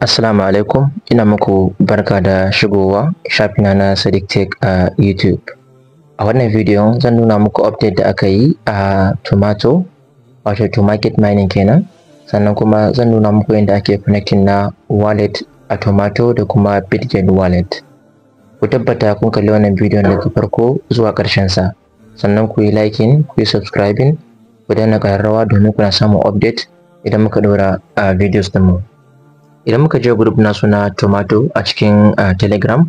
Assalamu alaikum ina muku barka da shigowa shafina na Sadiq Tech a YouTube. A wannan bidiyon zan nuna muku update da aka yi a Tomato wato to market mining kenan sannan kuma zan nuna muku yadda ake connecting na wallet a Tomato da kuma Bitcoin wallet. Ku tabbata kun kalli wannan bidiyon daga farko zuwa ƙarshen sa sannan ku yi liking ku yi subscribing ku danna ƙararrawa domin kuna samun update idan muka ɗora a videos ɗinmu. mu. idan muka je group na suna tomato a cikin uh, telegram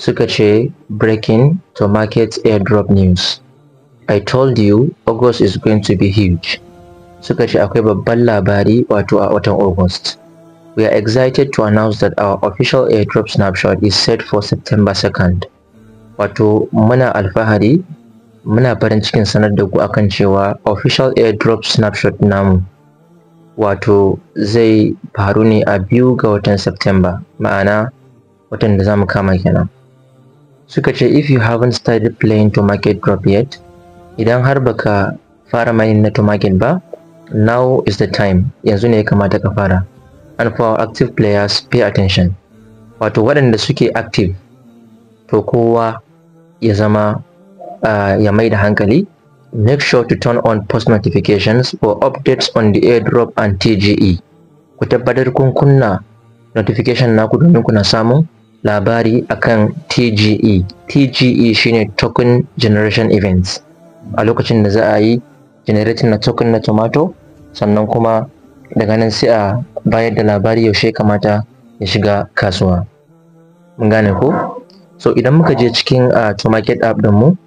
suka ce breaking to market airdrop news i told you august is going to be huge suka ce akwai babban labari wato a watan august we are excited to announce that our official airdrop snapshot is set for september 2nd wato muna alfahari muna farin cikin sanar da ku akan cewa official airdrop snapshot namu wato zai faru ne a biyu ga watan September ma'ana watan da za mu kama kenan suka ce if you haven't started playing to market drop yet idan har baka fara mining na to market ba now is the time yanzu ne ya kamata ka fara and for our active players pay attention wato waɗanda suke active to kowa ya zama uh, ya mai da hankali Make sure to turn on post notifications for updates on the airdrop and TGE. Ku tabbatar kun kunna notification naku domin kuna samun labari akan TGE. TGE shine token generation events. A lokacin da za a yi generating na token na tomato sannan kuma daga nan sai a bayar da labari yaushe kamata ya shiga kasuwa. Mun gane ko? So idan muka je cikin uh, ah, to market app din mu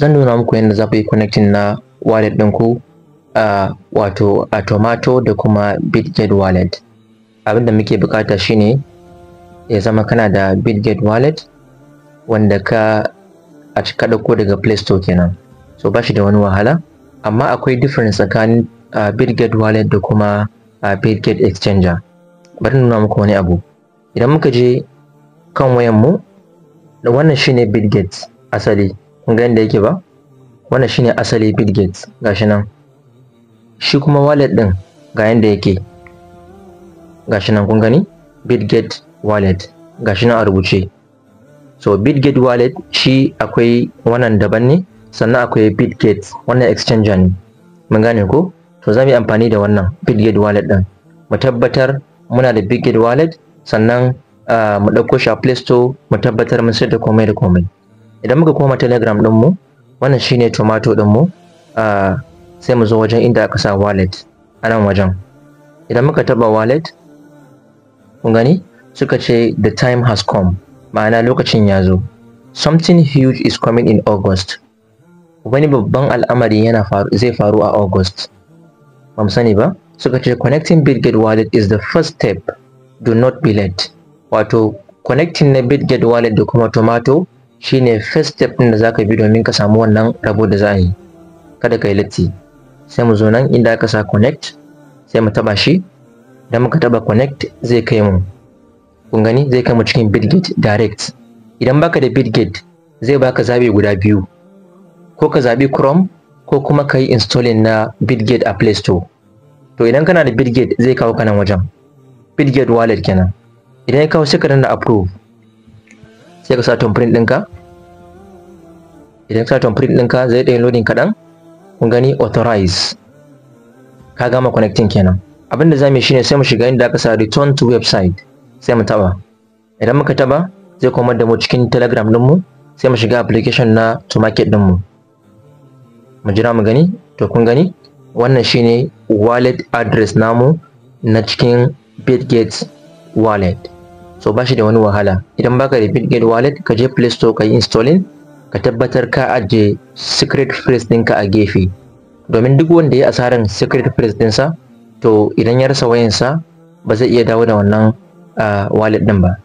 zan nuna muku yadda za ku yi connecting na wallet ɗin ku a wato a tomato da kuma bitget wallet abin da muke bukata shine ya zama kana da bitget wallet wanda ka a cika ɗauko daga play store kenan so ba shi da wani wahala amma akwai difference tsakanin uh, bitget wallet da kuma uh, bitget exchanger bari nuna muku wani abu idan muka je kan wayan mu wannan shine bitget asali kun ga yadda yake ba wannan shine asali bitgate gashi nan shi kuma wallet din ga yadda yake gashi nan kun gani bitgate wallet gashi nan a rubuce so bitget wallet shi akwai wannan daban ne sannan akwai bitget wannan exchanger ne mun gane ko to za mu yi amfani da wannan bitget wallet din mu tabbatar muna da bitget wallet sannan ah, mu ɗauko shi a play store mu tabbatar mun sayar da komai da komai idan muka koma telegram ɗinmu wannan shine tomato ɗinmu sai mu zo wajen inda aka sa wallet a nan wajen idan muka taba wallet kun gani suka ce the time has come ma'ana lokacin ya zo something huge is coming in august wani babban al'amari yana zai faru a august ba mu sani ba suka ce connecting bitget wallet is the first step do not be late wato connecting na bitget wallet da kuma tomato shine first step ɗin da zaka bi domin ka samu wannan rabo da za a yi kada ka yi latti sai mu zo nan inda aka sa connect sai mu taba shi idan muka taba connect zai kai mu kun gani zai kai mu cikin bitgate direct idan baka da bitgate zai baka zabi guda biyu ko ka zabi chrome ko kuma ka yi installing na bitgate a play store to idan kana da bitgate zai kawo ka wajen bitgate wallet kenan idan ya kawo sai ka danna approve sai ka sa print ɗinka idan ka sa print ɗinka zai ɗaya loading kaɗan kun gani authorize ka gama connecting kenan abin da zamu yi shine sai mu shiga inda aka sa return to website sai mu taba idan muka taba zai komar da mu cikin telegram din mu sai mu shiga application na to market din mu mu jira mu gani to kun gani wannan shine wallet address namu na cikin bitgate wallet so ba da wani wahala idan baka da bitget wallet ka je play store ka yi installing ka tabbatar ka ajiye secret phrase ɗinka a gefe domin duk wanda ya asaran secret phrase ɗinsa to idan ya rasa wayansa ba zai iya dawo da wannan wallet ɗin ba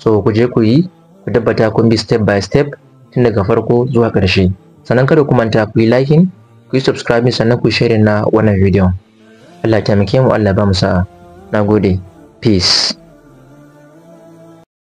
so ku je ku yi ku tabbata kun bi step by step tun daga farko zuwa ƙarshe sannan kada ku manta ku yi like ku yi subscribing sannan ku share na wannan bidiyon Allah ya taimake mu Allah ba mu sa'a nagode peace